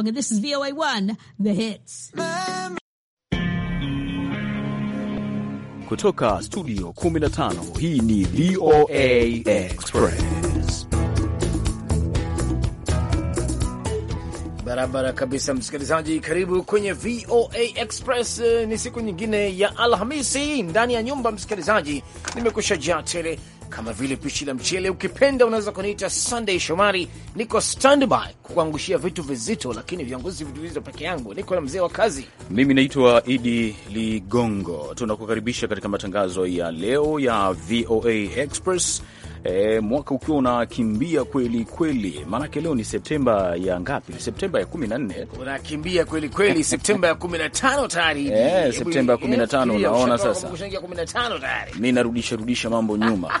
Okay, this is VOA1, the hits. Kutoka studio 15 hii ni VOA Express. Barabara kabisa msikilizaji, karibu kwenye VOA Express. Eh, ni siku nyingine ya Alhamisi ndani ya nyumba, msikilizaji, nimekusha jaa tele kama vile pishi la mchele. Ukipenda unaweza kuniita Sunday Shomari, niko standby kukuangushia vitu vizito, lakini viongozi vitu vizito peke yangu, niko na mzee wa kazi. Mimi naitwa Idi Ligongo, tunakukaribisha katika matangazo ya leo ya VOA Express e, mwaka ukiwa unakimbia kweli kweli, maanake leo ni Septemba ya ngapi? Septemba ya nne. unakimbia kweli kweli Septemba ya tano tayari e, Septemba ya 15 unaona sasa, mi narudisha rudisha mambo nyuma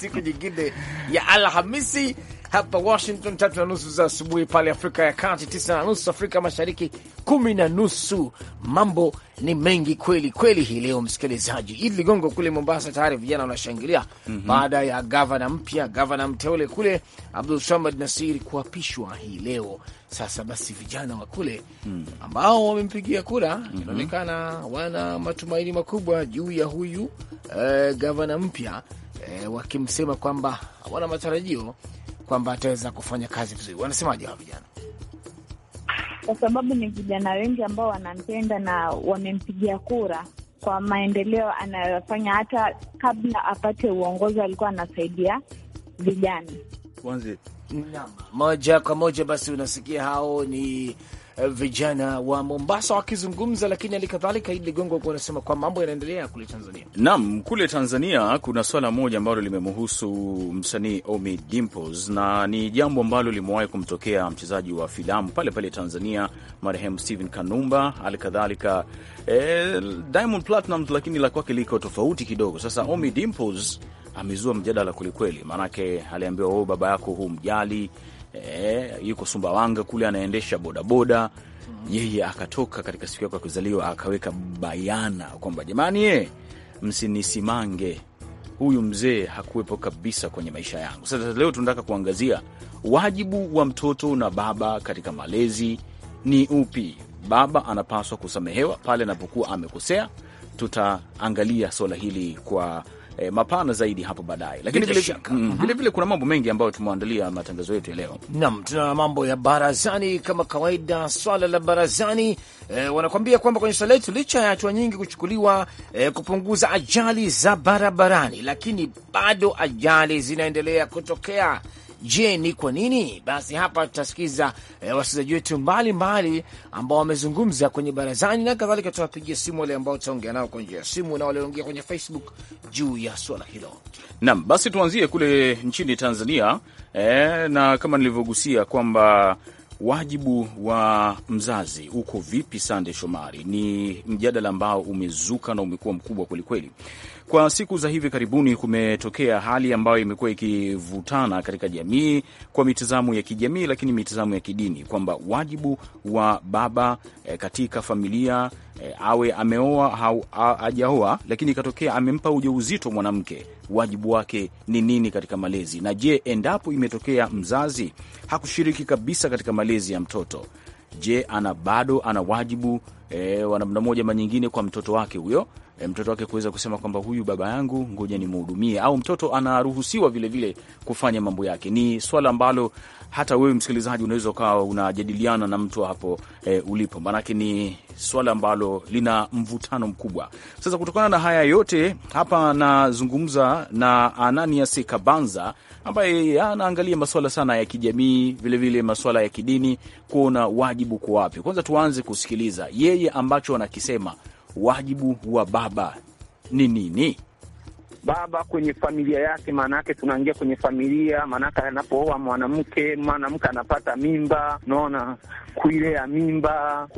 siku nyingine ya Alhamisi hapa Washington tatu na nusu za asubuhi, pale Afrika ya Kati tisa na nusu, Afrika Mashariki kumi na nusu. Mambo ni mengi kweli kweli hii leo, msikilizaji. Idi Ligongo kule Mombasa tayari vijana wanashangilia mm -hmm. baada ya gavana mpya, gavana mteule kule Abdul Samad Nasiri kuapishwa hii leo. Sasa basi vijana wa kule mm ambao wamempigia kura mm -hmm. inaonekana wana matumaini makubwa juu ya huyu eh, gavana mpya eh, wakimsema kwamba hawana matarajio kwamba ataweza kufanya kazi vizuri. Wanasemaje hawa vijana? Kwa sababu ni vijana wengi ambao wanampenda na wamempigia kura kwa maendeleo anayofanya. Hata kabla apate uongozi alikuwa anasaidia vijana. Kwanza moja kwa moja, basi unasikia hao ni Eh, vijana wa Mombasa wakizungumza, lakini hali kadhalika Idi Ligongo alikuwa anasema kwa mambo yanaendelea kule Tanzania. Naam, kule Tanzania kuna swala moja ambalo limemhusu msanii Omi Dimples na ni jambo ambalo limewahi kumtokea mchezaji wa filamu pale pale Tanzania marehemu Steven Kanumba, hali kadhalika eh, Diamond Platnumz, lakini la kwake liko tofauti kidogo. Sasa mhm. Omi Dimples amezua mjadala kwelikweli, maanake aliambiwa, wewe oh, baba yako humjali e, yuko Sumbawanga kule anaendesha bodaboda mm. yeye akatoka katika siku yako ya kuzaliwa akaweka bayana kwamba jamani, ye eh, msinisimange, huyu mzee hakuwepo kabisa kwenye maisha yangu. Sasa leo tunataka kuangazia wajibu wa mtoto na baba katika malezi ni upi. Baba anapaswa kusamehewa pale anapokuwa amekosea. Tutaangalia swala hili kwa eh, mapana zaidi hapo baadaye, lakini vilevile mm, vile kuna mambo mengi ambayo tumeandalia matangazo yetu ya leo. Naam, tuna mambo ya barazani kama kawaida, swala la barazani eh, wanakuambia kwamba kwenye swala letu licha ya hatua nyingi kuchukuliwa eh, kupunguza ajali za barabarani, lakini bado ajali zinaendelea kutokea. Je, ni kwa nini? Basi hapa tutasikiza e, eh, wasikilizaji wetu mbalimbali ambao wamezungumza kwenye barazani na kadhalika. Tutawapigia simu wale ambao tutaongea nao kwa njia ya simu na walioongea kwenye Facebook juu ya swala hilo. Naam, basi tuanzie kule nchini Tanzania e, na kama nilivyogusia kwamba Wajibu wa mzazi uko vipi, Sande Shomari? Ni mjadala ambao umezuka na umekuwa mkubwa kwelikweli. Kwa siku za hivi karibuni, kumetokea hali ambayo imekuwa ikivutana katika jamii kwa mitazamo ya kijamii, lakini mitazamo ya kidini, kwamba wajibu wa baba eh, katika familia e, awe ameoa au hajaoa, lakini ikatokea amempa ujauzito mwanamke, wajibu wake ni nini katika malezi? Na je, endapo imetokea mzazi hakushiriki kabisa katika malezi ya mtoto, je, ana bado ana wajibu e, wa namna moja ama nyingine kwa mtoto wake huyo e, mtoto wake kuweza kusema kwamba huyu baba yangu, ngoja nimhudumie, au mtoto anaruhusiwa vilevile vile kufanya mambo yake. Ni swala ambalo hata wewe msikilizaji unaweza ukawa unajadiliana na mtu hapo e, ulipo, maanake ni swala ambalo lina mvutano mkubwa. Sasa kutokana na haya yote hapa nazungumza na Ananias Kabanza ambaye anaangalia masuala sana ya kijamii, vilevile masuala ya kidini, kuona wajibu kwa wapi. Kwanza tuanze kusikiliza yeye ambacho anakisema, wajibu wa baba ni nini? baba kwenye familia yake, yake tunaingia kwenye familia, yake anapooa mwanamke, mwanamke anapata mimba, unaona, kuilea mimba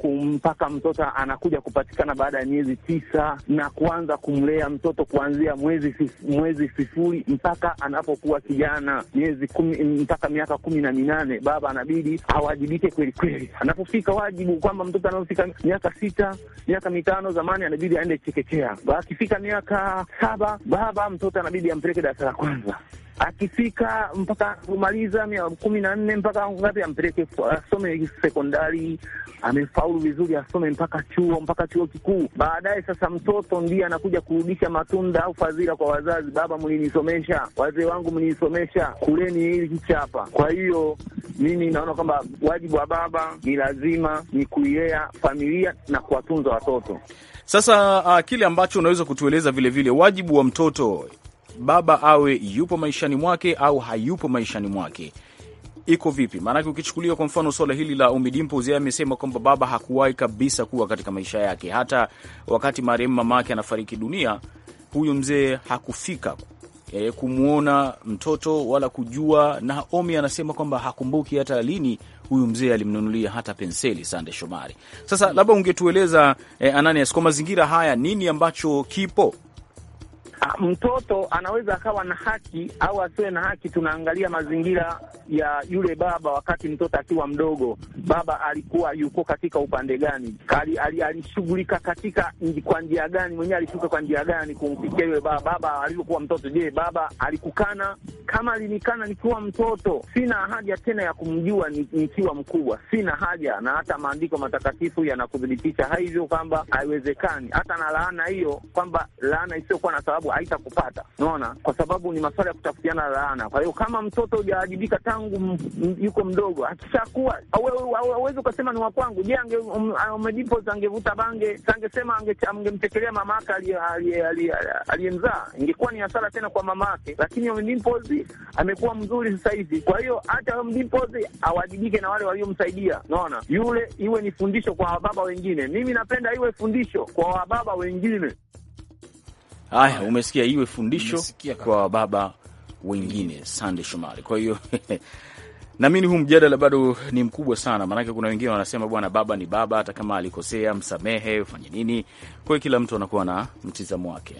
kumpaka mtoto anakuja kupatikana baada ya miezi tisa na kuanza kumlea mtoto kuanzia mwezi mwezi sifuri mpaka anapokuwa kijana miezi kumi mpaka miaka kumi na minane baba anabidi awajibike kweli kweli, anapofika wajibu kwamba mtoto anapofika miaka sita miaka mitano, zamani anabidi aende chekechea, akifika miaka saba baba mtoto anabidi ampeleke darasa la kwanza akifika mpaka kumaliza kumi na nne mpaka ngapi, ampeleke asome sekondari, amefaulu vizuri, asome mpaka chuo mpaka chuo kikuu. Baadaye sasa mtoto ndiye anakuja kurudisha matunda au fadhila kwa wazazi, baba mlinisomesha, wazee wangu mlinisomesha, kuleni hili hapa. Kwa hiyo mimi naona kwamba wajibu wa baba ni lazima ni kuilea familia na kuwatunza watoto. Sasa uh, kile ambacho unaweza kutueleza vilevile vile, wajibu wa mtoto baba awe yupo maishani mwake au hayupo maishani mwake iko vipi? Maanake ukichukulia kwa mfano swala hili la Umi Dimpoz, yeye amesema kwamba baba hakuwahi kabisa kuwa katika maisha yake. Hata wakati marehemu mamake anafariki dunia, huyu mzee hakufika eh, kumwona mtoto wala kujua. Na Omi anasema kwamba hakumbuki hata lini huyu mzee alimnunulia hata penseli. Sande Shomari, sasa labda ungetueleza eh, Ananias, kwa mazingira haya nini ambacho kipo Ah, mtoto anaweza akawa na haki au asiwe na haki. Tunaangalia mazingira ya yule baba wakati mtoto akiwa mdogo, baba alikuwa yuko katika upande gani, alishughulika katika kwa njia gani, mwenyewe alishuka kwa njia gani kumfikia yule baba. Baba alivyokuwa mtoto, je, baba alikukana? Kama alinikana nikiwa mtoto, sina haja tena ya kumjua nikiwa mkubwa, sina haja. Na hata maandiko matakatifu yanakuthibitisha hivyo kwamba haiwezekani, hata na laana hiyo, kwamba laana isiyokuwa na sababu haitakupata, unaona, kwa sababu ni masuala ya kutafutiana laana. Kwa hiyo kama mtoto hujawajibika tangu yuko mdogo, akishakuwa hawezi ukasema ni wakwangu Je, Ommedipos um, angevuta bange, angesema angemtekelea mama yake aliyemzaa, ingekuwa ni hasara tena kwa mama yake. Lakini mdimpozi amekuwa mzuri sasa hivi, kwa hiyo hata mdimpozi awajibike na wale waliomsaidia, unaona, yule iwe ni fundisho kwa wababa wengine. Mimi napenda iwe fundisho kwa wababa wengine. Haya, umesikia, iwe fundisho umesikia kwa baba wengine. Sande Shomari. Kwa hiyo naamini huu mjadala bado ni mkubwa sana, maanake kuna wengine wanasema bwana, baba ni baba, hata kama alikosea msamehe, ufanye nini. Kwa hiyo kila mtu anakuwa na mtizamo wake.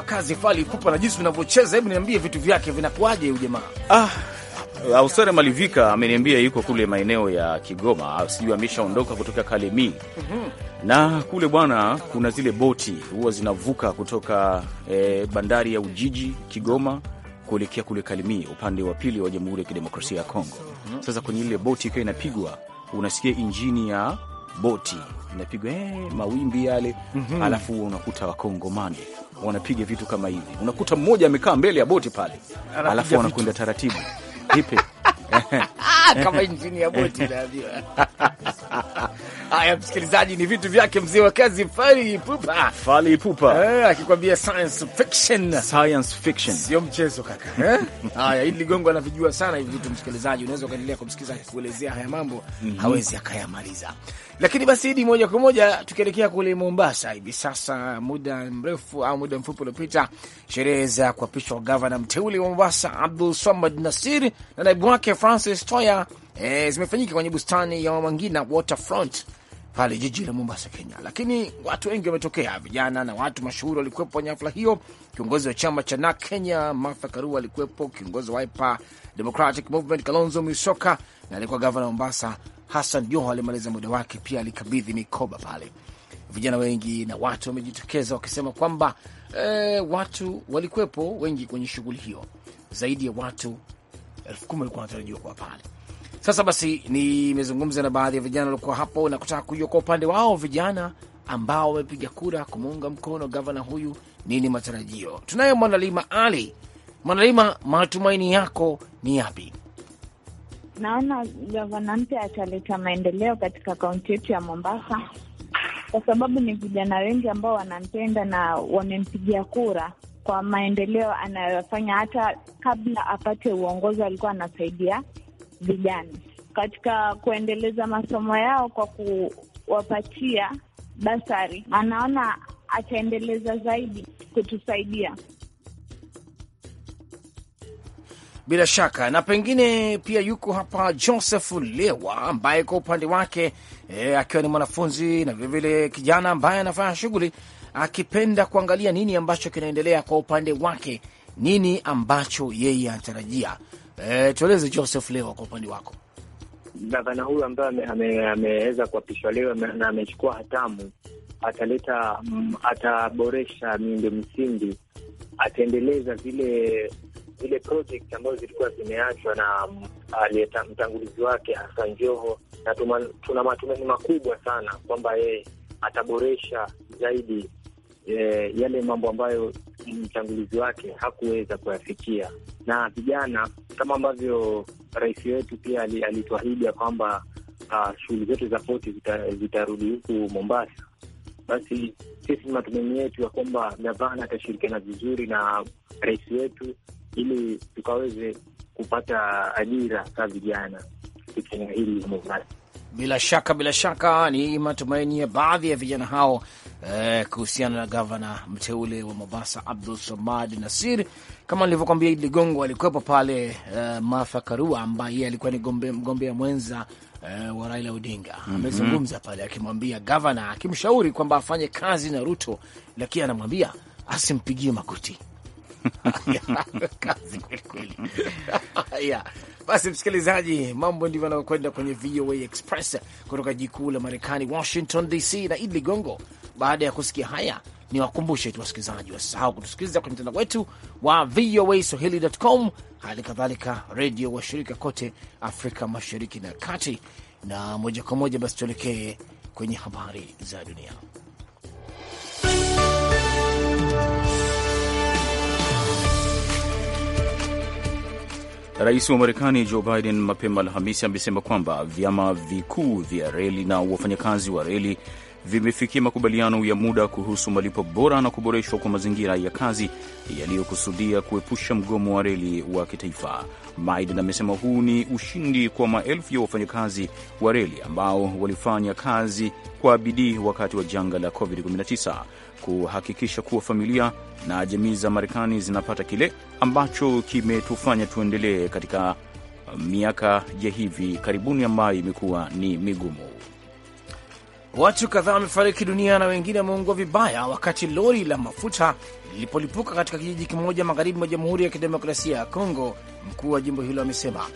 wa kazi Fali Ipupa na jinsi vinavyocheza, hebu niambie vitu vyake vinakuaje huyu jamaa? Ah, Austere Malivika ameniambia yuko kule maeneo ya Kigoma, sijui ameshaondoka kutoka Kalemi. mm -hmm. Na kule bwana, kuna zile boti huwa zinavuka kutoka eh, bandari ya Ujiji Kigoma kuelekea kule Kalemi, upande wa pili wa Jamhuri ya Kidemokrasia ya Kongo. mm -hmm. Sasa kwenye ile boti ikiwa inapigwa, unasikia injini ya boti inapigwa eh, mawimbi yale mm -hmm. Alafu unakuta wakongomani wanapiga vitu kama hivi, unakuta mmoja amekaa mbele ya boti pale, alafu wanakwenda taratibu hipe kama injini ya boti naambiwa. Haya msikilizaji, ni vitu vyake mzee wa kazi Fali Pupa, Fali Pupa eh, akikwambia science fiction, science fiction sio mchezo kaka. Eh? Haya, hili ligongo anavijua sana hivi vitu. Msikilizaji, unaweza ukaendelea kumsikiliza akikuelezea haya mambo mm -hmm. hawezi akayamaliza, lakini basi hidi moja kwa moja tukielekea kule Mombasa hivi sasa, muda mrefu au muda mfupi uliopita, sherehe za kuapishwa gavana mteule wa Mombasa Abdul Samad Nasir na naibu wake Francis Toya e, zimefanyika kwenye bustani ya Wamangina Waterfront pale jiji la Mombasa, Kenya. Lakini watu wengi wametokea, vijana na watu mashuhuri walikuwepo kwenye hafla hiyo. Kiongozi wa chama cha NAK Kenya Martha Karua alikuwepo, kiongozi wa Wiper Democratic Movement Kalonzo Musyoka na alikuwa gavana wa Mombasa Hassan Joho alimaliza muda wake, pia alikabidhi mikoba pale. Vijana wengi na watu wamejitokeza wakisema kwamba e, watu walikuwepo wengi kwenye shughuli hiyo, zaidi ya watu elfu kumi walikuwa wanatarajiwa kuwa pale. Sasa basi, nimezungumza na baadhi ya vijana waliokuwa hapo na kutaka kujua kwa upande wao vijana ambao wamepiga kura kumuunga mkono gavana huyu, nini matarajio tunaye Mwanalima Ali Mwanalima, matumaini yako ni yapi? Naona gavana mpya ataleta maendeleo katika kaunti yetu ya Mombasa, kwa sababu ni vijana wengi ambao wanampenda na wamempigia kura kwa maendeleo anayofanya. Hata kabla apate uongozi, alikuwa anasaidia vijana katika kuendeleza masomo yao kwa kuwapatia basari, anaona ataendeleza zaidi kutusaidia. Bila shaka na pengine pia yuko hapa Joseph Lewa ambaye kwa upande wake e, akiwa ni mwanafunzi na vilevile kijana ambaye anafanya shughuli akipenda kuangalia nini ambacho kinaendelea kwa upande wake, nini ambacho yeye anatarajia E, tueleze Joseph Lewa kwa upande wako. Gavana huyu ambaye ameweza kuapishwa leo na amechukua hatamu, ataleta m, mm, ataboresha miundo msingi, ataendeleza zile zile project ambazo zilikuwa zimeachwa na mm, aliyeta mtangulizi wake Hassan Joho, na tuma, tuna matumaini makubwa sana kwamba yeye ataboresha zaidi eh, yale mambo ambayo mtangulizi wake hakuweza kuyafikia, na vijana kama ambavyo rais wetu pia alituahidi ya kwamba uh, shughuli zote za poti zitarudi zita huku Mombasa, basi sisi ni matumaini yetu ya kwamba gavana atashirikiana vizuri na rais wetu ili tukaweze kupata ajira za vijana katika hili Mombasa. Bila shaka bila shaka ni matumaini ya baadhi ya vijana hao eh, kuhusiana na gavana mteule wa Mombasa Abdul Samad Nasir. Kama nilivyokwambia, Idi Ligongo alikuwepo pale eh, Martha Karua ambaye alikuwa ni mgombea mwenza eh, wa Raila Odinga mhm. amezungumza mm -hmm. pale akimwambia gavana, akimshauri kwamba afanye kazi na Ruto, lakini anamwambia asimpigie magoti kazi kwelikweli. Basi msikilizaji, mambo ndivyo anavyokwenda kwenye VOA Express kutoka jikuu la Marekani, Washington DC, na id Ligongo. Baada ya kusikia haya, ni wakumbushe tu wasikilizaji wasahau kutusikiliza kwenye mtandao wetu wa VOA Swahili.com, hali kadhalika redio washirika kote Afrika Mashariki na Kati. Na moja kwa moja basi tuelekee kwenye habari za dunia. Rais wa Marekani Joe Biden mapema Alhamisi amesema kwamba vyama vikuu vya reli na wafanyakazi wa reli vimefikia makubaliano ya muda kuhusu malipo bora na kuboreshwa kwa mazingira ya kazi yaliyokusudia kuepusha mgomo wa reli wa kitaifa. Biden amesema huu ni ushindi kwa maelfu ya wafanyakazi wa reli ambao walifanya kazi kwa bidii wakati wa janga la COVID-19 kuhakikisha kuwa familia na jamii za Marekani zinapata kile ambacho kimetufanya tuendelee katika uh, miaka ya hivi karibuni ambayo imekuwa ni migumu. Watu kadhaa wamefariki dunia na wengine wameungua vibaya wakati lori la mafuta lilipolipuka katika kijiji kimoja magharibi mwa Jamhuri ya Kidemokrasia ya Kongo. Mkuu wa jimbo hilo amesema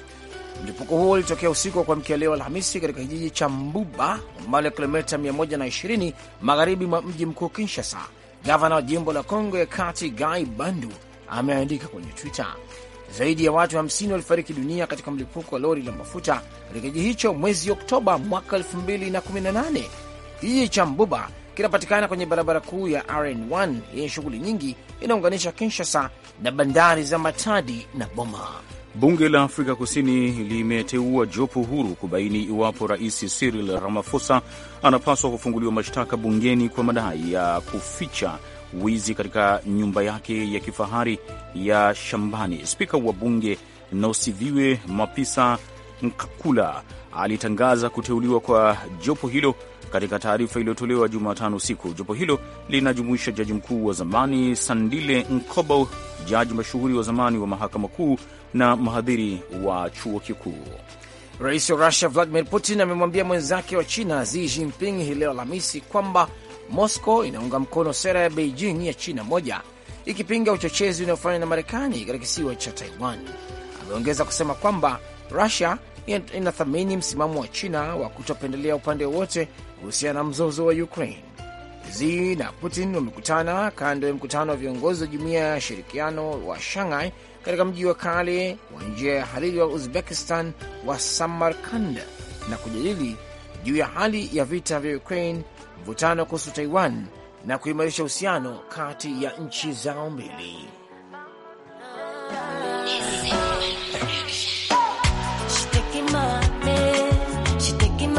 Mlipuko huo ulitokea usiku wa kuamkia leo Alhamisi katika kijiji cha Mbuba umbali wa kilomita 120 magharibi mwa mji mkuu Kinshasa. Gavana wa jimbo la Kongo ya Kati Guy Bandu ameandika kwenye Twitter, zaidi ya watu 50 walifariki dunia katika mlipuko wa lori la mafuta katika kijiji hicho mwezi Oktoba mwaka 2018. Kijiji cha Mbuba kinapatikana kwenye barabara kuu ya RN1 yenye shughuli nyingi, inaunganisha Kinshasa na bandari za Matadi na Boma. Bunge la Afrika Kusini limeteua jopo huru kubaini iwapo Rais Cyril Ramaphosa anapaswa kufunguliwa mashtaka bungeni kwa madai ya kuficha wizi katika nyumba yake ya kifahari ya shambani. Spika wa bunge Nosiviwe Mapisa Nkakula alitangaza kuteuliwa kwa jopo hilo katika taarifa iliyotolewa Jumatano usiku, jopo hilo linajumuisha jaji mkuu wa zamani Sandile Nkobo, jaji mashuhuri wa zamani wa mahakama kuu na mhadhiri wa chuo kikuu. Rais wa Rusia Vladimir Putin amemwambia mwenzake wa China Xi Jinping hii leo Alhamisi kwamba Moscow inaunga mkono sera ya Beijing ya China moja ikipinga uchochezi unaofanywa na Marekani katika kisiwa cha Taiwan. Ameongeza kusema kwamba Rusia inathamini msimamo wa China wa kutopendelea upande wowote kuhusiana na mzozo wa Ukraine. Xi na Putin wamekutana kando ya mkutano wa viongozi wa jumuiya ya shirikiano wa Shanghai katika mji wa kale wa njia ya hariri wa Uzbekistan wa Samarkanda na kujadili juu ya hali ya vita vya Ukraine, mvutano kuhusu Taiwan na kuimarisha uhusiano kati ya nchi zao mbili.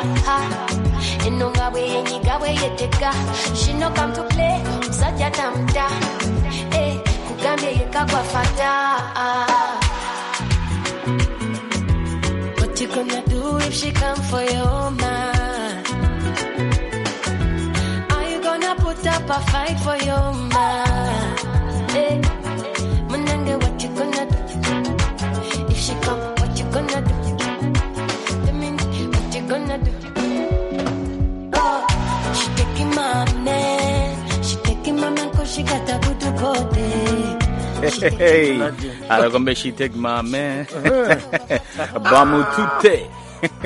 aka eno nga yetega shino come to play eh, fata What you gonna do if she come for your man? Are you gonna put up a fight for your man? Eh. gonna do? Oh, she taking my man, she taking my man cause she got a good body. Hey, Anakwambia she take my man bamutute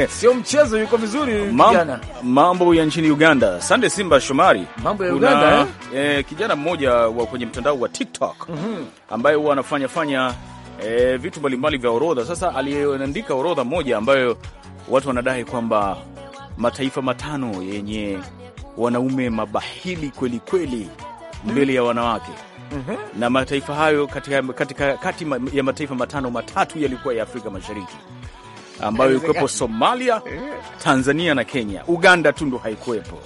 Sio mchezo, yuko vizuri Mam, kijana. Mambo ya nchini Uganda. Sande Simba Shomari, mambo ya Uganda eh? Eh, kijana mmoja wa kwenye mtandao wa TikTok mm -hmm. ambaye huwa anafanya fanya eh, vitu mbalimbali vya orodha. Sasa aliandika orodha moja ambayo watu wanadai kwamba mataifa matano yenye wanaume mabahili kweli kweli mbele ya wanawake Mm -hmm. Na mataifa hayo katika, katika, kati ya mataifa matano matatu yalikuwa ya Afrika Mashariki ambayo ilikuwepo Somalia, Tanzania na Kenya. Uganda tu ndo haikuwepo.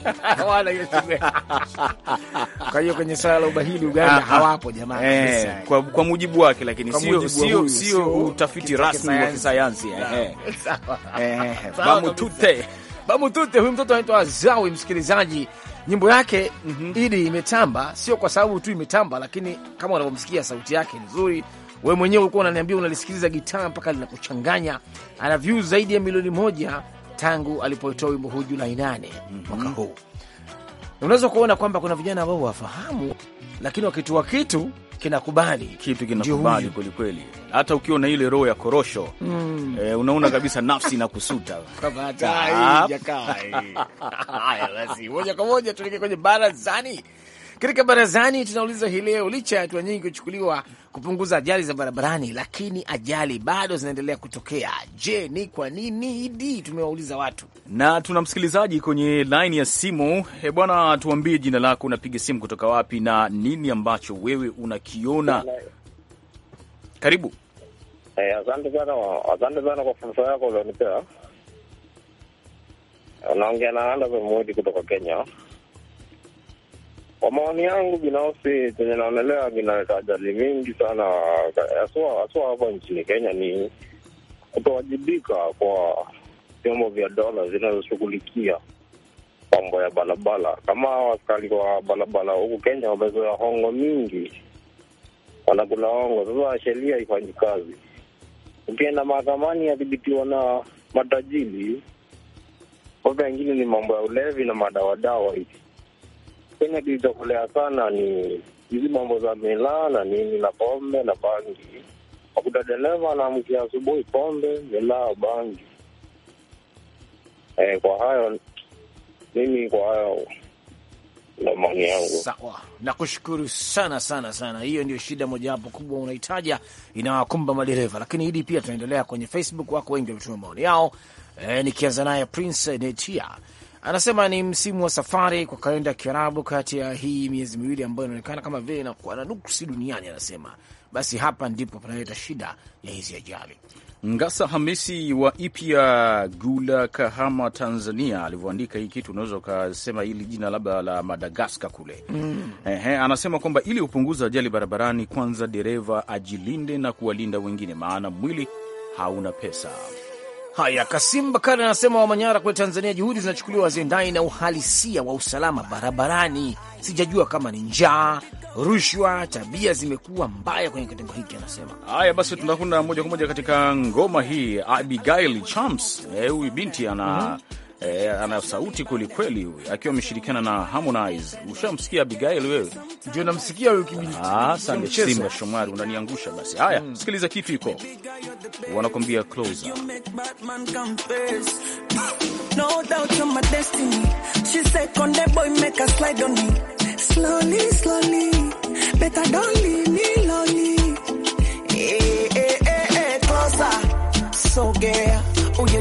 Kwa hiyo kwenye swala la ubahili Uganda hawapo jamani, eh, kwa, kwa mujibu wake, lakini sio sio sio utafiti rasmi wa kisayansi eh, eh. eh, eh Bamutute Bamutute, huyu mtoto anaitwa Zawi, msikilizaji nyimbo yake mm -hmm. Idi imetamba, sio kwa sababu tu imetamba, lakini kama unavyomsikia sauti yake nzuri We mwenyewe ulikuwa unaniambia unalisikiliza gitaa mpaka linakuchanganya. Ana views zaidi ya milioni moja tangu alipotoa wimbo huu Julai nane mhm. mwaka huu. Unaweza kuona kwamba kuna vijana ambao wafahamu, lakini wakitua kitu kinakubali kitu kinakubali kwelikweli. Hata ukiwa na ile roho ya korosho mm. E, unaona kabisa nafsi inakusuta moja kwa moja. Tuelekee kwenye barazani katika barazani tunauliza hii leo, licha ya hatua nyingi kuchukuliwa kupunguza ajali za barabarani, lakini ajali bado zinaendelea kutokea. Je, ni kwa nini? Idi, tumewauliza watu na tuna msikilizaji kwenye laini ya simu. E bwana, tuambie jina lako, unapiga simu kutoka wapi na nini ambacho wewe unakiona? Karibu. Hey, eh, asante sana, asante sana kwa fursa yako ulionipea. Unaongea na Anderson Muhindi kutoka Kenya. Kwa maoni yangu binafsi, chenye naonelea vinaleta ajali mingi sana, haswa hapa nchini Kenya ni kutowajibika kwa vyombo vya dola zinazoshughulikia mambo ya barabara. Kama askari wa barabara huku Kenya wamezoea hongo mingi, wanakula hongo. Sasa sheria ifanyi kazi, ukienda mahakamani yadhibitiwa na matajiri, kwa vingine ni mambo ya ulevi na madawadawa hivi Kenya kilichokolea sana ni hizi mambo za milaa na nini na pombe na bangi. Wakuta dereva anaamkia asubuhi, pombe, milaa, bangi. E, kwa hayo mimi, kwa hayo maoni Sawa, nakushukuru sana sana sana. Hiyo ndio shida mojawapo kubwa unahitaja inawakumba madereva, lakini hili pia tunaendelea kwenye Facebook, wako wengi wametuma maoni yao. E, nikianza naye Prince Netia Anasema ni msimu wa safari kwa kalenda ya Kiarabu, kati ya hii miezi miwili ambayo inaonekana kama vile inakuwa na nuksi duniani. Anasema basi hapa ndipo panaleta shida ya hizi ajali. Ngasa Hamisi wa Ipya Gula, Kahama, Tanzania, alivyoandika hii kitu, unaweza ukasema hili jina labda la Madagaskar kule mm. Ehe, anasema kwamba ili kupunguza ajali barabarani, kwanza dereva ajilinde na kuwalinda wengine, maana mwili hauna pesa. Haya, Kasim Bakari anasema wa Manyara kule Tanzania, juhudi zinachukuliwa zendani na uhalisia wa usalama barabarani. Sijajua kama ni njaa, rushwa, tabia zimekuwa mbaya kwenye kitengo hiki, anasema. Haya, basi tunakunda moja kwa moja katika ngoma hii. Abigail Champs. Eh, huyu binti ana mm -hmm. E, ana sauti kwelikweli huyu akiwa ameshirikiana na Harmonize. Ushamsikia Abigail wewe? Ndio namsikia huyo kibili. Ah, sande Simba Shomari unaniangusha basi. Haya, mm. Sikiliza kitu iko. Wanakwambia closer.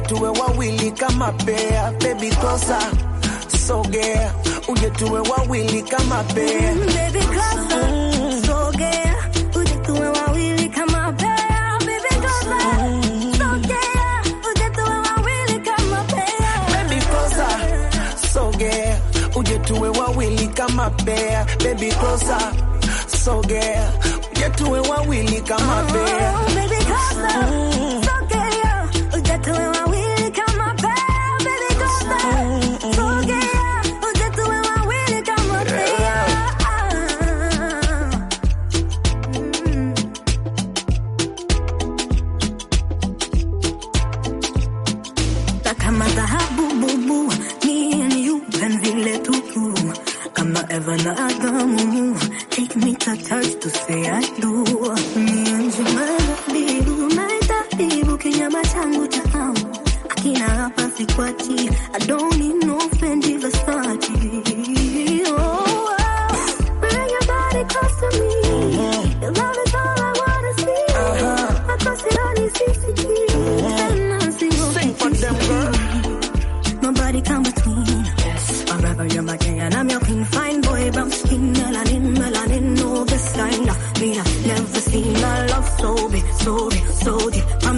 tuwe wawili kama pea, mm, baby kosa sogea, uje tuwe wawili kama pea, baby kosa sogea, uje tuwe wawili kama pea, baby kosa sogea, uje tuwe wawili kama pea, baby kosa sogea, uje tuwe wawili kama mm, pea, baby kosa sogea, uje tuwe wawili kama pea, baby kosa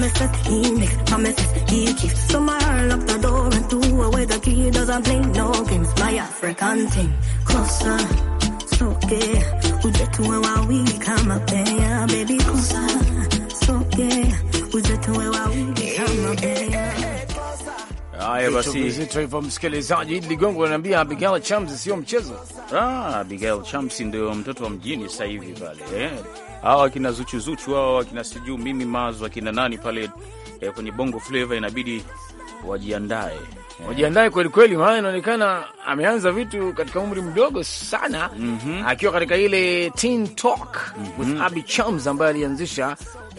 promises he makes, promises he keeps. So my heart locked the door and threw away the key. Doesn't play no games. My African thing, closer, soke. we come up there, yeah, baby closer, soke. Ujetu wewa wiki kama pea. Haya basi, vizito hivyo msikilizaji. Idi Ligongo ananiambia Abigail Chamsi sio mchezo. Ah, Abigail Chamsi ndio mtoto wa mjini sasa hivi pale eh. hawa akina Zuchuzuchu hawa wakina sijuu mimi mazo akina nani pale eh, kwenye Bongo Flava inabidi wajiandae Wajiandae kweli kweli, maana inaonekana ameanza vitu katika umri mdogo sana mm -hmm. akiwa katika ile Teen Talk mm -hmm. with mhm. Abby Chams ambaye alianzisha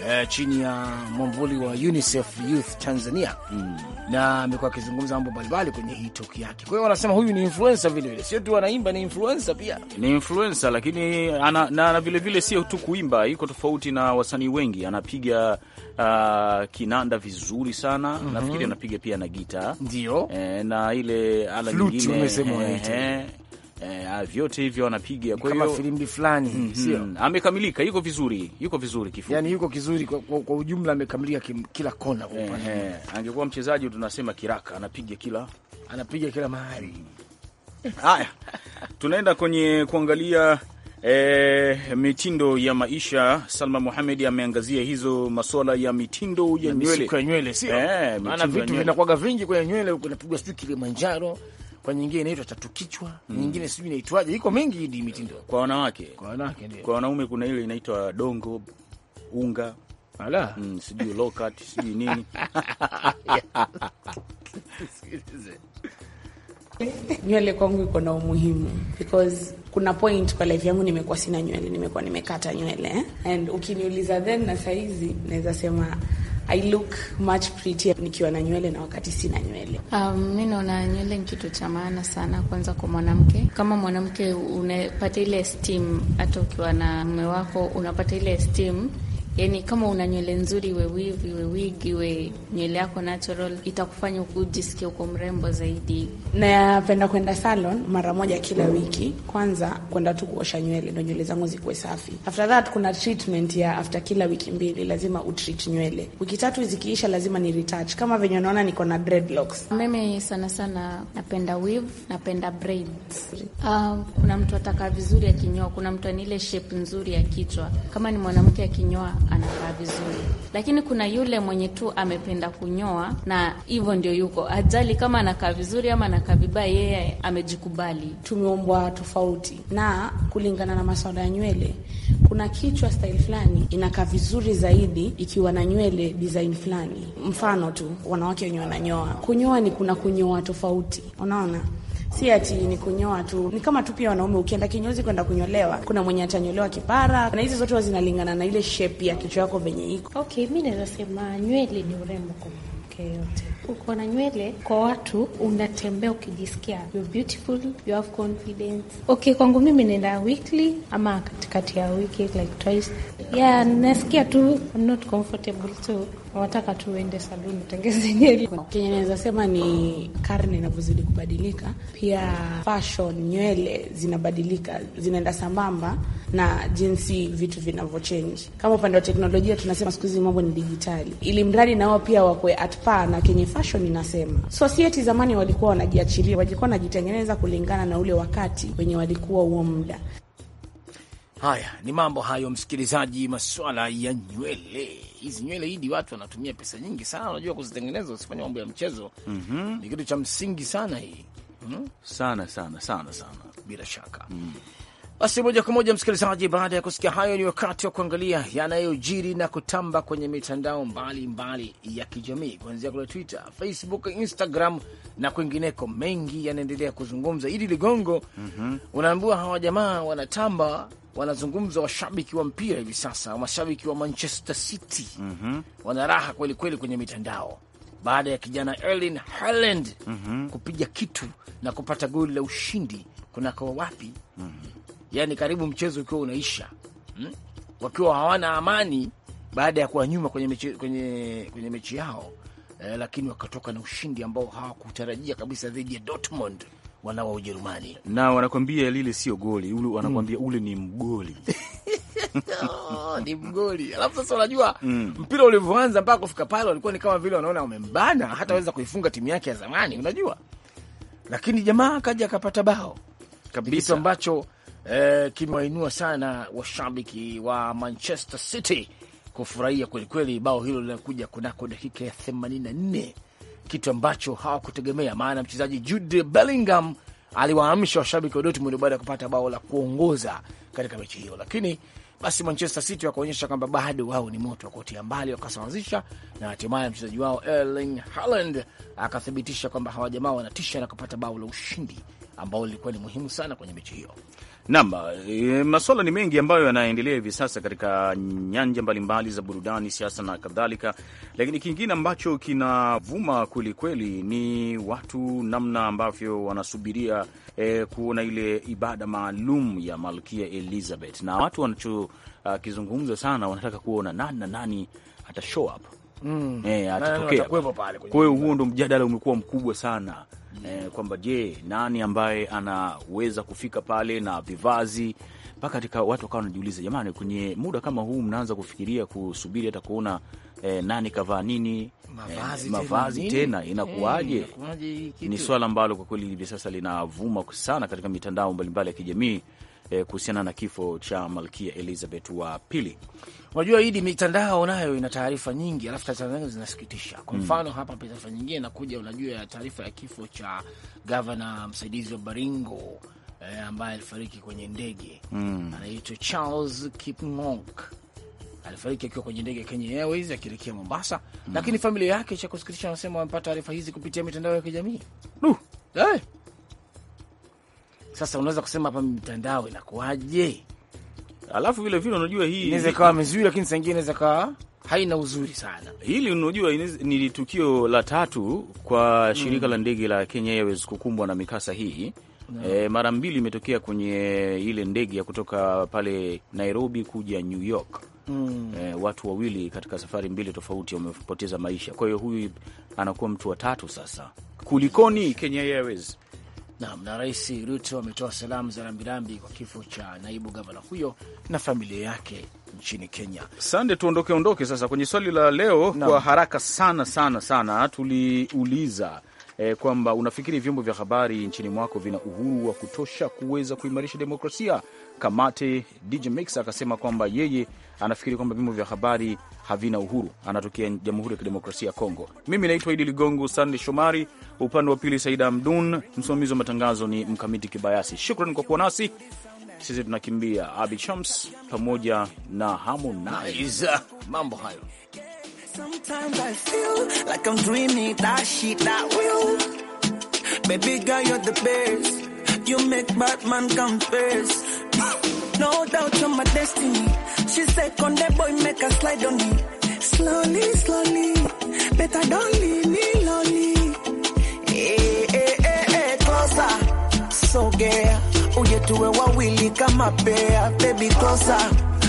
eh, chini ya mwamvuli wa UNICEF Youth Tanzania mm. na amekuwa akizungumza mambo mbalimbali kwenye hii talk yake. Kwa hiyo wanasema huyu ni influencer vile vile, sio tu anaimba, ni influencer pia, ni influencer lakini ana, na, na vile vile sio tu kuimba, iko tofauti na wasanii wengi, anapiga uh, kinanda vizuri sana mm -hmm. nafikiri anapiga pia na gita ndio eh, na ile ala nyingine eh, eh, eh, ah, vyote hivyo anapiga. Kwa hiyo kama filimbi fulani mm -hmm. Sio, amekamilika, yuko vizuri, yuko vizuri kifupi yani yuko kizuri kwa, kwa, kwa ujumla amekamilika kila kona kwa eh, eh, angekuwa mchezaji tunasema kiraka, anapiga kila anapiga kila mahali. Haya, tunaenda kwenye kuangalia E, mitindo ya maisha. Salma Muhamed ameangazia hizo masuala ya mitindo ya nywele ya nywele, sio e, maana vitu vinakwaga vingi kwenye nywele, kunapigwa sijui Kilimanjaro kwa nyingine inaitwa tatu kichwa mm. nyingine sijui inaitwaje, iko mingi hii mitindo kwa wanawake, kwa wanawake ndio. Kwa wanaume kuna ile inaitwa dongo unga ala mm, sijui low cut sijui nini nywele kwangu iko na umuhimu because kuna point kwa life yangu nimekuwa sina nywele, nimekuwa nimekata nywele eh? And ukiniuliza then na saizi naweza sema I look much prettier nikiwa na nywele na wakati sina nywele. Um, mi naona nywele ni kitu cha maana sana, kwanza kwa mwanamke. Kama mwanamke unapata ile esteem, hata ukiwa na mume wako unapata ile esteem Yani kama una nywele nzuri, iwe wivi, iwe wigi, iwe nywele yako natural, itakufanya ujisikie uko mrembo zaidi. Napenda kwenda salon mara moja kila wiki, kwanza kwenda tu kuosha nywele ndo nywele zangu zikuwe safi. After that kuna treatment ya after kila wiki mbili, lazima utreat nywele. Wiki tatu zikiisha, lazima ni retouch, kama venye unaona niko na dreadlocks. Mimi sana sana napenda weave, napenda braids. Um, kuna mtu ataka vizuri akinyoa, kuna mtu anile shape nzuri ya kichwa, kama ni mwanamke akinyoa anakaa vizuri, lakini kuna yule mwenye tu amependa kunyoa na hivyo ndio yuko ajali, kama anakaa vizuri ama anakaa vibaya, yeye amejikubali. tumeombwa tofauti na kulingana na maswala ya nywele. Kuna kichwa style fulani inakaa vizuri zaidi ikiwa na nywele design fulani. Mfano tu wanawake wenye wananyoa, kunyoa ni kuna kunyoa tofauti, unaona si ati ni kunyoa tu, ni kama tu pia wanaume, ukienda kinyozi kwenda kunyolewa, kuna mwenye atanyolewa kipara, na hizi zote zinalingana na ile shepi ya kichwa yako venye iko. Okay, mi naweza sema nywele ni urembo kwa mwanamke yote uko na nywele kwa watu unatembea ukijisikia you beautiful, you have confidence. Okay, kwangu mimi naenda weekly ama katikati ya wiki like twice. Yeah, nasikia tu I'm not comfortable so wanataka tuende saluni tengeze nywele. Kenye naweza sema ni karne inavyozidi kubadilika, pia fashion, nywele zinabadilika, zinaenda sambamba na jinsi vitu vinavyochenji. Kama upande wa teknolojia tunasema siku hizi mambo ni dijitali, ili mradi nao pia wakwe atpa na kenye fashion inasema. Society zamani walikuwa wanajiachilia, walikuwa wanajitengeneza kulingana na ule wakati wenye walikuwa huo muda. Haya ni mambo hayo, msikilizaji, maswala ya nywele hizi. Nywele hidi watu wanatumia pesa nyingi sana, unajua kuzitengeneza, usifanya mambo ya mchezo. mm -hmm. Ni kitu cha msingi sana hii mm? sana sana sana sana, bila shaka mm. Basi moja kwa moja msikilizaji, baada ya kusikia hayo, ni wakati wa kuangalia yanayojiri na kutamba kwenye mitandao mbalimbali mbali ya kijamii, kuanzia kule Twitter, Facebook, Instagram na kwingineko. Mengi yanaendelea kuzungumza. Idi Ligongo, mm -hmm. unaambiwa hawa jamaa wanatamba wanazungumza washabiki wa mpira hivi sasa, mashabiki wa Manchester City mm -hmm. wana raha kweli kweli kwenye mitandao baada ya kijana Erling Haaland mm -hmm. kupiga kitu na kupata goli la ushindi kunako wapi? mm -hmm. Yaani karibu mchezo ukiwa unaisha mm? wakiwa hawana amani baada ya kuwa nyuma kwenye mechi, kwenye, kwenye mechi yao eh, lakini wakatoka na ushindi ambao hawakutarajia kabisa dhidi ya Dortmund wana wa Ujerumani na wanakwambia lile sio goli, wanakwambia hmm. ule ni mgoli oh, ni mgoli. Alafu sasa unajua mm. mpira ulivyoanza mpaka kufika pale walikuwa ni kama vile wanaona wamembana, hataweza kuifunga timu yake ya zamani, unajua. Lakini jamaa akaja akapata bao kabisa, kitu ambacho eh, kimewainua sana washabiki wa Manchester City kufurahia kwelikweli. Bao hilo linakuja kunako dakika ya 84 kitu ambacho hawakutegemea, maana mchezaji Jude Bellingham aliwaamsha washabiki wa Dortmund baada ya kupata bao la kuongoza katika mechi hiyo, lakini basi Manchester City wakaonyesha kwamba bado wao ni moto wa kutia mbali, wakasawazisha na hatimaye mchezaji wao Erling Haaland akathibitisha kwamba hawajamaa wanatisha na kupata bao la ushindi ambao lilikuwa ni muhimu sana kwenye mechi hiyo. Naam, e, eh, masuala ni mengi ambayo yanaendelea hivi sasa katika nyanja mbalimbali za burudani, siasa na kadhalika, lakini kingine ambacho kinavuma kwelikweli ni watu namna ambavyo wanasubiria e, kuona ile ibada maalum ya Malkia Elizabeth, na watu wanachokizungumza uh, sana wanataka kuona nani na nani atashow up Mm. Eh, atatokea kwa hiyo huo ndo mjadala umekuwa mkubwa sana mm. Eh, kwamba je, nani ambaye anaweza kufika pale na vivazi mpaka katika watu wakawa wanajiuliza, jamani, kwenye muda kama huu mnaanza kufikiria kusubiri hata kuona eh, nani kavaa nini mavazi, eh, mavazi tena, tena inakuwaje? Hey, eh, ni swala ambalo kwa kweli hivi sasa linavuma sana katika mitandao mbalimbali ya kijamii eh, kuhusiana na kifo cha Malkia Elizabeth wa pili. Unajua hii mitandao nayo ina taarifa nyingi, alafu taarifa zinasikitisha. Kwa hmm. mfano mm. hapa taarifa nyingine inakuja, unajua ya taarifa ya kifo cha gavana msaidizi wa Baringo eh, ambaye alifariki kwenye ndege mm. anaitwa Charles Kipmonk alifariki akiwa kwenye ndege ya Kenya Airways akielekea Mombasa mm. lakini familia yake, cha kusikitisha, wanasema wamepata taarifa hizi kupitia mitandao ya kijamii eh. Sasa unaweza kusema hapa mitandao inakuwaje? Alafu vile vile unajua hii inaweza kawa mizuri, lakini saa inaweza kawa haina uzuri sana. Hili unajua ni tukio la tatu kwa shirika mm, la ndege la Kenya Airways kukumbwa na mikasa hii no. E, mara mbili imetokea kwenye ile ndege ya kutoka pale Nairobi kuja New York. Mm. E, watu wawili katika safari mbili tofauti wamepoteza maisha, kwa hiyo huyu anakuwa mtu wa tatu sasa. Kulikoni Kenya Airways? Naam, na Rais Ruto ametoa salamu za rambirambi kwa kifo cha naibu gavana huyo na familia yake nchini Kenya. Sande, tuondoke ondoke sasa kwenye swali la leo na, Kwa haraka sana sana sana tuliuliza eh, kwamba unafikiri vyombo vya habari nchini mwako vina uhuru wa kutosha kuweza kuimarisha demokrasia? Kamate DJ Mix akasema kwamba yeye anafikiri kwamba vyombo vya habari havina uhuru, anatokea Jamhuri ya Kidemokrasia ya Kongo. Mimi naitwa Idi Ligongo, Sande Shomari upande wa pili, Saida Amdun, msimamizi wa matangazo ni Mkamiti Kibayasi. Shukran kwa kuwa nasi. Sisi tunakimbia Abi Chams pamoja na Harmonize, mambo hayo. Sometimes I feel like I'm dreaming that shit that will. Baby girl, you're the best. You make Batman confess. No doubt you're my destiny. She said, that boy, make a slide on me. Slowly, slowly. Better don't leave me lonely. Hey, eh, eh, hey, eh, hey, hey, closer. Sogea. Uyetuwe come kama pea. Baby, closer.